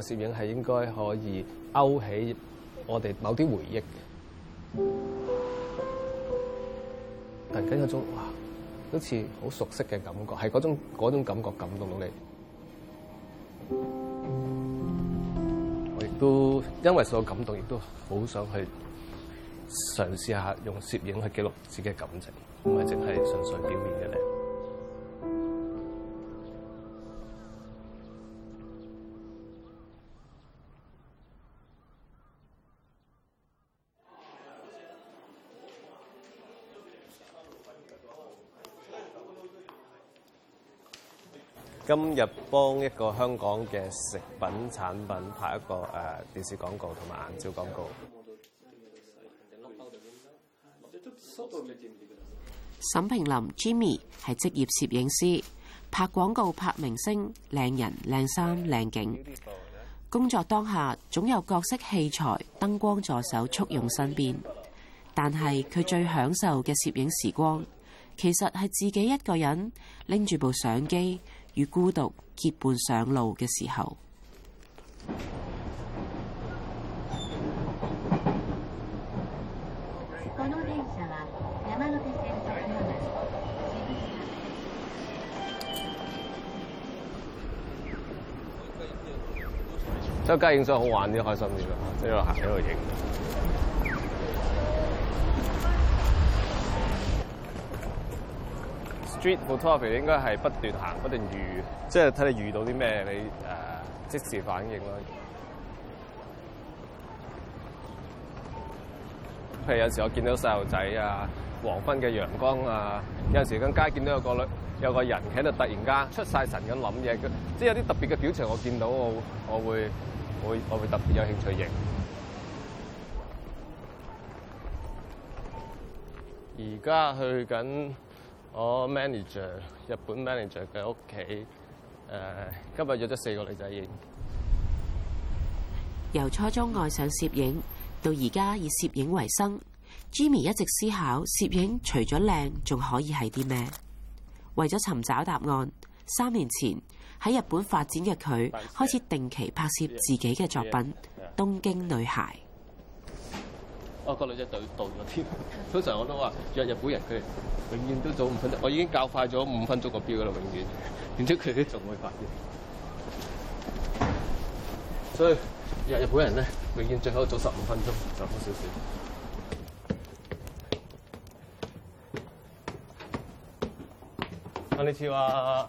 攝影係應該可以勾起我哋某啲回憶，突然間有種哇，好似好熟悉嘅感覺，係嗰種，嗰種感覺感動到你。我亦都因為所有感動，亦都好想去嘗試下用攝影去記錄自己嘅感情，唔係淨係純粹表面嘅咧。今日幫一個香港嘅食品產品拍一個誒電視廣告同埋硬照廣告。沈平林 Jimmy 係職業攝影師，拍廣告、拍明星、靚人、靚衫、靚景。工作當下總有各式器材、燈光助手簇擁身邊，但係佢最享受嘅攝影時光，其實係自己一個人拎住部相機。與孤獨結伴上路嘅時候，周街影相好玩啲，開心啲咯，喺度行，喺度影。Street photography 應該係不斷行不斷遇，即係睇你遇到啲咩，你、啊、即時反應咯。譬如有時我見到細路仔啊，黃昏嘅陽光啊，有陣時喺街見到有個女有個人喺度，突然間出晒神咁諗嘢，即係有啲特別嘅表情，我見到我，我，會我，我會特別有興趣影。而家去緊，我 manager 日本 manager 嘅屋企。誒今日約咗四個女仔影。由初中愛上攝影，到而家以攝影為生，Jimmy 一直思考攝影除咗靚仲可以係啲咩？為咗尋找答案，三年前喺日本發展嘅佢，開始定期拍攝自己嘅作品《東京女孩》。個、哦、女仔就要到咗添，通常我都話約日本人，佢永遠都早五分鐘，我已經較快咗五分鐘個標㗎啦，永遠，然之後佢哋仲會快啲。所以約日本人咧，永遠最好早十五分鐘，少好少少。我哋似話。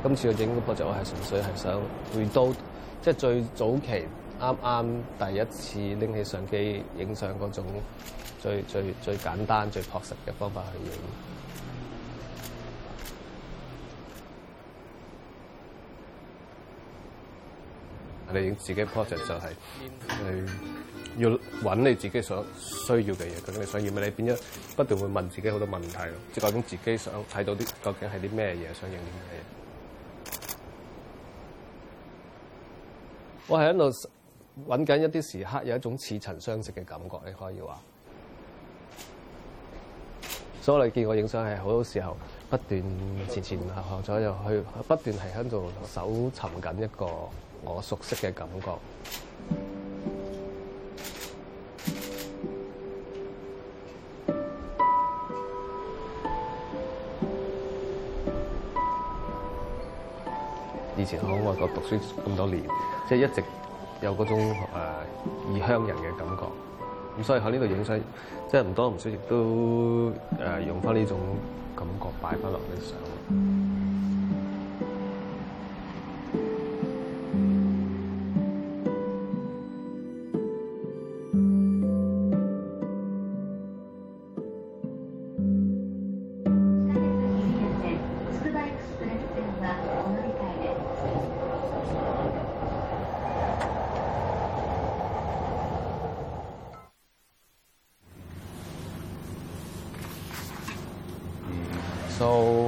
今次我影嘅 project，我係純粹係想回到即係最早期啱啱第一次拎起相機影相嗰種最最最簡單、最樸實嘅方法去影、 就是。你影自己 project 就係要揾你自己所需要嘅嘢。咁你想要咩？你變咗不斷會問自己好多問題咯。即係究竟自己想睇到啲究竟係啲咩嘢？想影啲咩嘢？我係喺度揾緊一啲時刻，有一種似曾相識嘅感覺，你可以話。所以你見我影相係好多時候不斷、嗯、前前後、嗯、後左右去，不斷係喺度搜尋緊一個我熟悉嘅感覺。以前喺外國讀書咁多年，即係一直有嗰種誒異鄉人嘅感覺，咁所以喺呢度影相，即係唔多唔少亦都誒用翻呢種感覺擺翻落啲相。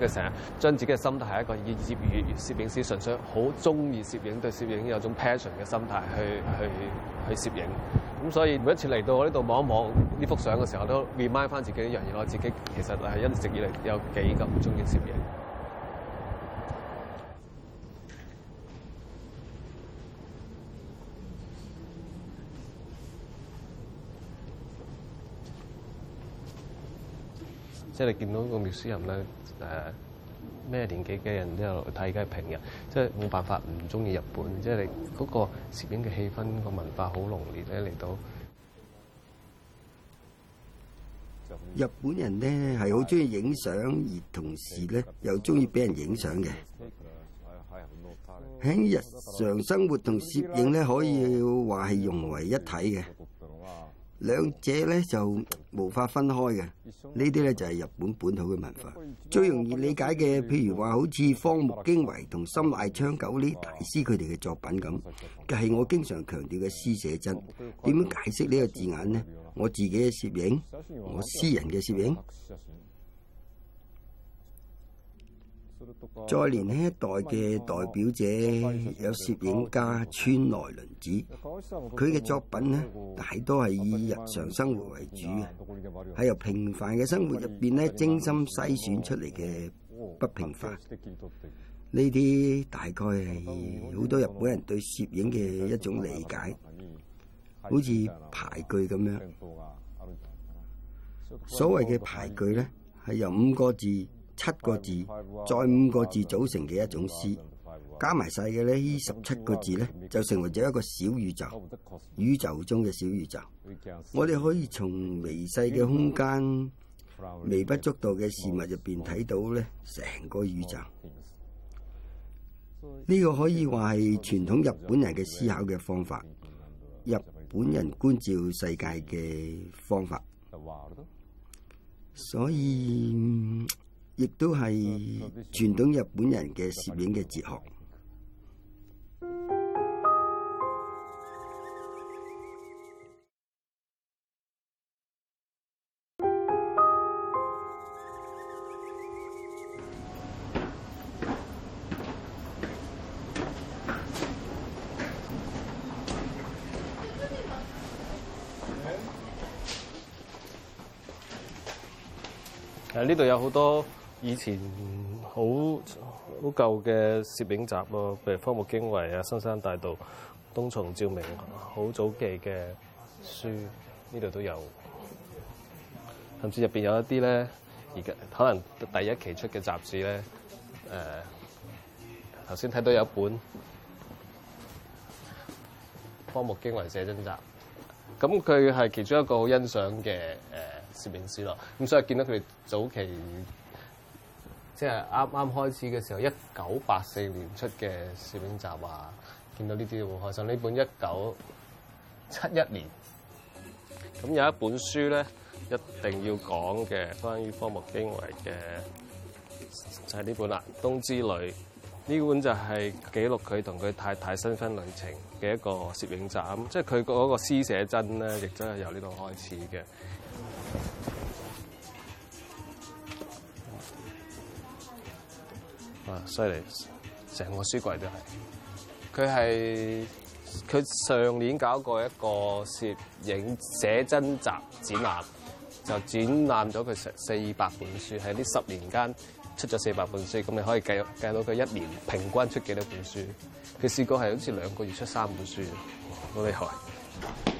佢成日將自己嘅心態係一個業餘攝影師，純粹好中意攝影，對攝影有種 passion 嘅心態去去去攝影。咁所以每一次嚟到我呢度望一望呢幅相嘅時候，都 remind 翻自己一樣嘢，我自己其實係一直以嚟有幾咁中意攝影。即係你見到個描書人咧，誒、呃、咩年紀嘅人都有睇，梗係平日，即係冇辦法唔中意日本。即係你嗰個攝影嘅氣氛，個文化好濃烈咧嚟到。日本人咧係好中意影相，而同時咧又中意俾人影相嘅。喺日常生活同攝影咧，可以話係融為一體嘅。兩者咧就無法分開嘅，這些呢啲咧就係、是、日本本土嘅文化。最容易理解嘅，譬如話好似荒木經惟同深瀨昌久呢啲大師佢哋嘅作品咁，係我經常強調嘅私寫真。點樣解釋呢個字眼呢？我自己嘅攝影，我私人嘅攝影。再年輕一代嘅代表者有攝影家川內倫子，佢嘅作品呢，大多係以日常生活為主嘅，係由平凡嘅生活入邊呢，精心篩選出嚟嘅不平凡。呢啲大概係好多日本人對攝影嘅一種理解，好似俳句咁樣。所謂嘅俳句呢，係由五個字。七個字，再五個字組成嘅一種詩，加埋晒嘅咧，呢十七個字呢就成為咗一個小宇宙。宇宙中嘅小宇宙，我哋可以從微細嘅空間、微不足道嘅事物入邊睇到呢成個宇宙呢、呢個可以話係傳統日本人嘅思考嘅方法，日本人觀照世界嘅方法，所以，亦都係傳統日本人嘅攝影嘅哲學。誒，呢度有好多。以前好好舊嘅攝影集咯，譬如荒木經惟啊、森山大道、東松照明，好早期嘅書呢度都有，甚至入邊有一啲咧，而家可能第一期出嘅雜誌咧，誒頭先睇到有一本《荒木經惟寫真集》，咁佢係其中一個好欣賞嘅誒攝影師咯，咁所以見到佢哋早期。即係啱啱開始嘅時候，一九八四年出嘅攝影集啊，見到呢啲好開心。呢本一九七一年，咁有一本書咧，一定要講嘅，關於荒木經惟嘅就係、是、呢本啦，《東之旅》呢本就係記錄佢同佢太太新婚旅程嘅一個攝影集。咁即係佢嗰個私寫真咧，亦都係由呢度開始嘅。犀利，成個書櫃都係佢。係佢上年搞過一個攝影寫真集展覽，就展覽咗佢成四百本書。喺呢十年間出咗四百本書，咁你可以計計到佢一年平均出幾多本書？佢試過係好似兩個月出三本書，好厲害！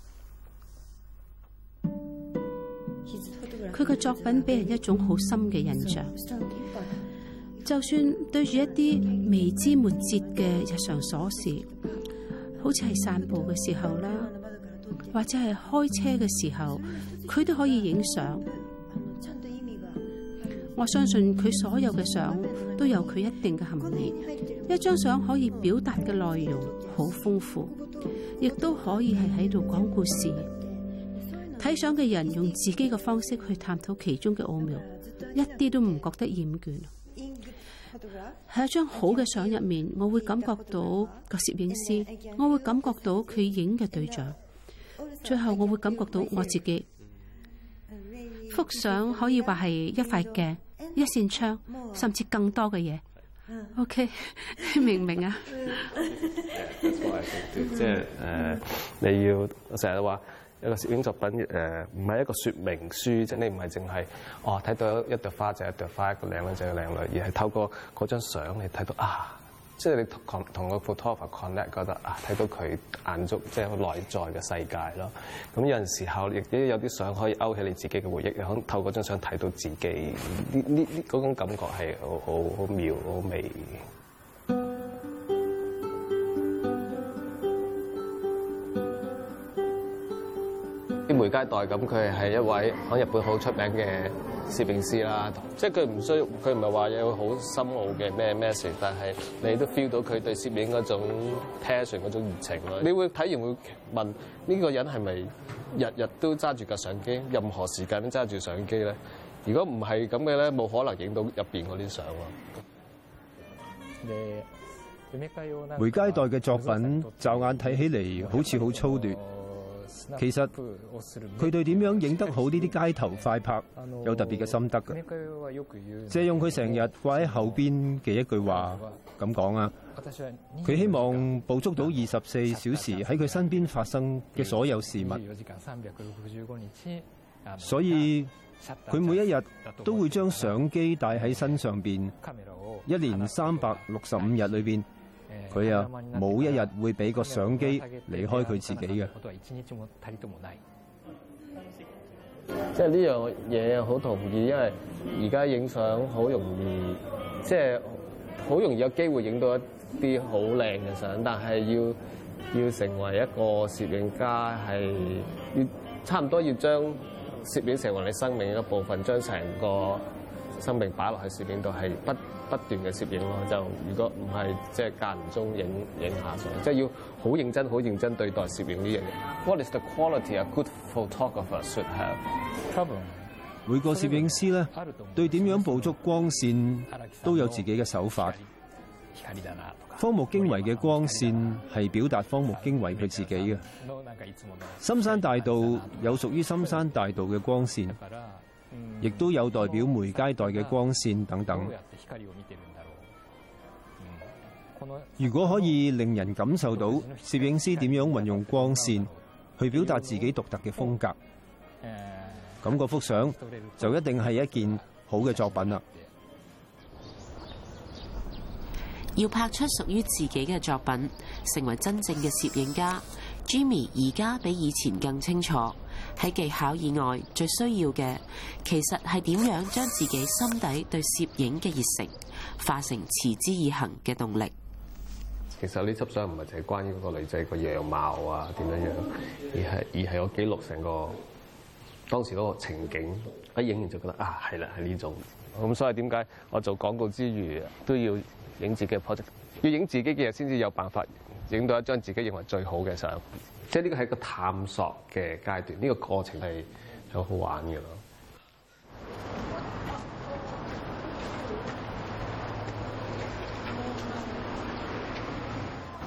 佢嘅作品俾人一種好深嘅印象，就算對住一啲微枝末節嘅日常瑣事，好似係散步嘅時候啦，或者係開車嘅時候，佢都可以影相。我相信佢所有嘅相都有佢一定嘅含義，一張相可以表達嘅內容好豐富，亦都可以係喺度講故事。睇相嘅人用自己嘅方式去探討其中嘅奧妙，一啲都唔覺得厭倦。喺一張好嘅相入面，我會感覺到個攝影師，我會感覺到佢影嘅對象，最後我會感覺到我自己。幅相可以話係一塊鏡，一扇窗，甚至更多嘅嘢。OK，明唔明啊？即係誒，你要成日都話。一個攝影作品誒，唔係一個說明書，即係你唔係淨係哦睇到一朵花就一朵花，一個靚女就一個靚女，而係透過嗰張相你睇到啊，即係你同同嗰個 photographer connect 覺得啊，睇到佢眼足即係好內在嘅世界咯。咁有陣時候亦都有啲相可以勾起你自己嘅回憶，又可能透過那張相睇到自己呢呢呢嗰種感覺係好好好妙好美。梅佳代咁，佢係一位喺日本好出名嘅攝影師啦。即係佢唔需要，佢唔係話有好深奧嘅咩 message，但係你都 feel 到佢對攝影嗰種 passion 嗰種熱情咯。你會睇完會問：呢個人係咪日日都揸住架相機，任何時間都揸住相機咧？如果唔係咁嘅咧，冇可能影到入邊嗰啲相喎。梅佳代嘅作品，驟眼睇起嚟好似好粗劣。其實佢對點樣影得好呢啲街頭快拍有特別嘅心得嘅。借用佢成日掛喺後邊嘅一句話咁講啊，佢希望捕捉到二十四小時喺佢身邊發生嘅所有事物。所以佢每一日都會將相機帶喺身上邊，一年三百六十五日裏邊。佢啊，冇一日會俾個相機離開佢自己嘅。我都睇即係呢樣嘢好同意，因為而家影相好容易，即係好容易有機會影到一啲好靚嘅相，但係要要成為一個攝影家，係要差唔多要將攝影成為你生命一部分，將成個生命擺落去攝影度係不不斷嘅攝影咯，就如果唔係即係間唔中影影下相，即係要好認真、好認真對待攝影呢樣嘢。What is the quality a good photographer should have？每個攝影師咧，對點樣捕捉光線都有自己嘅手法。荒木經惟嘅光線係表達荒木經惟佢自己嘅。森山大道有屬於森山大道嘅光線，亦都有代表梅佳代嘅光線等等。如果可以令人感受到攝影師點樣運用光線去表達自己獨特嘅風格，咁嗰幅相就一定係一件好嘅作品啦。要拍出屬於自己嘅作品，成為真正嘅攝影家，Jimmy 而家比以前更清楚，喺技巧以外最需要嘅，其實係點樣將自己心底對攝影嘅熱誠化成持之以恆嘅動力。其實呢輯相唔係淨係關於嗰個女仔個樣貌啊，點樣樣，而係而係我記錄成個當時嗰個情景。一影完就覺得啊，係啦，係呢種。咁所以點解我做廣告之餘都要影自己嘅 project，要影自己嘅嘢先至有辦法影到一張自己認為最好嘅相。即係呢個係一個探索嘅階段，呢個過程係好好玩嘅咯。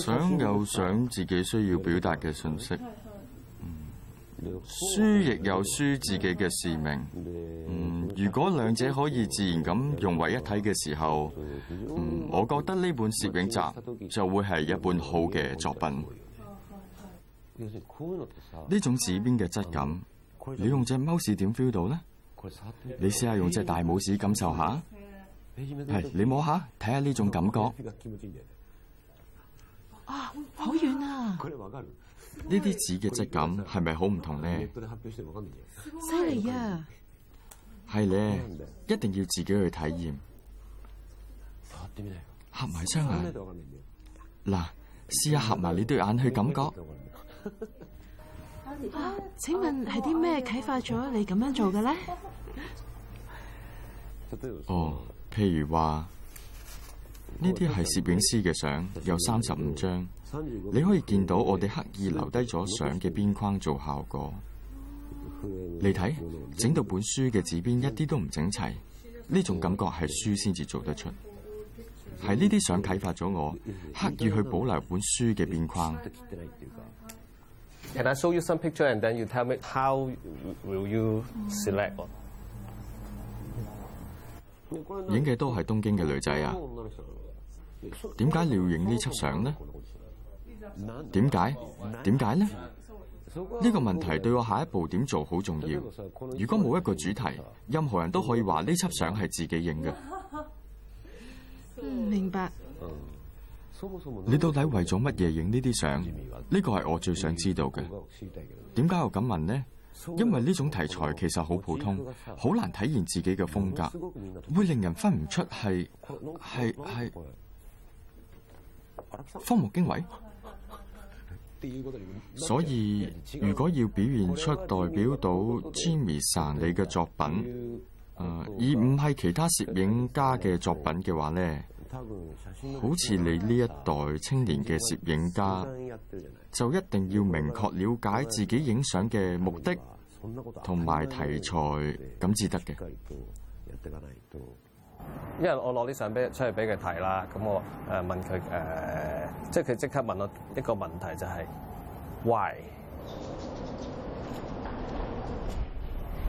想有想自己需要表達嘅信息，嗯，輸亦有輸自己嘅使命。嗯，如果兩者可以自然咁融為一體嘅時候，嗯，我覺得呢本攝影集就會係一本好嘅作品。呢種紙邊嘅質感，你用隻貓屎點 feel 到呢？你試下用隻大拇指感受下，係你摸下睇下呢種感覺。哦、遠啊，好遠啊！呢啲紙嘅質感係咪好唔同咧？犀利啊！係咧，一定要自己去體驗。合埋雙眼，嗱，試下合埋你對眼去感覺。啊，請問係啲咩啟發咗你咁樣做嘅咧？哦，譬如話。呢啲係攝影師嘅相，有三十五張。你可以見到我哋刻意留低咗相嘅邊框做效果。你睇，整到本書嘅紙邊一啲都唔整齊，呢種感覺係書先至做得出。係呢啲相啟發咗我，刻意去保留本書嘅邊框。Can I show you some picture and then you tell me how will you select? 影嘅都係東京嘅女仔啊，點解你要影呢輯相呢？點解？點解呢？呢、這個問題對我下一步點做好重要。如果冇一個主題，任何人都可以話呢輯相係自己影嘅。唔、嗯、明白？你到底為咗乜嘢影呢啲相？呢、這個係我最想知道嘅。點解又咁問呢？因為呢種題材其實好普通，好難體現自己嘅風格，會令人分唔出係係係荒木經惟。 所以如果要表現出代表到 Jimmy san 你嘅作品，呃、而唔係其他攝影家嘅作品嘅話咧。好似你呢一代青年嘅攝影家，就一定要明確了解自己影相嘅目的，同埋題材咁至得嘅。因為我攞啲相俾出去俾佢睇啦，咁我誒問佢誒，即係佢即刻問我一個問題就係 why？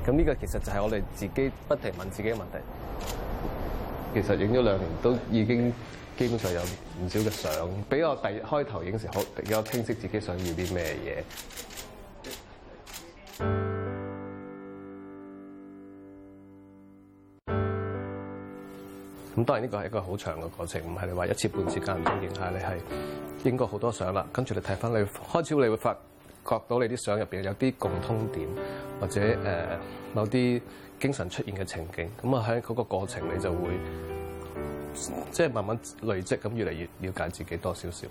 咁呢個其實就係我哋自己不停問自己嘅問題。其實影咗兩年都已經基本上有唔少嘅相，比我第一開頭影時好，比較清晰，自己想要啲咩嘢。咁當然呢個係一個好長嘅過程，唔係你話一次半次間唔中影下，你係影過好多相啦。跟住你睇返你開始，你會發覺到你啲相入邊有啲共通點。或者誒、呃、某啲經常出現嘅情景，咁啊喺嗰個過程你就會即係慢慢累積，咁越嚟越了解自己多少少。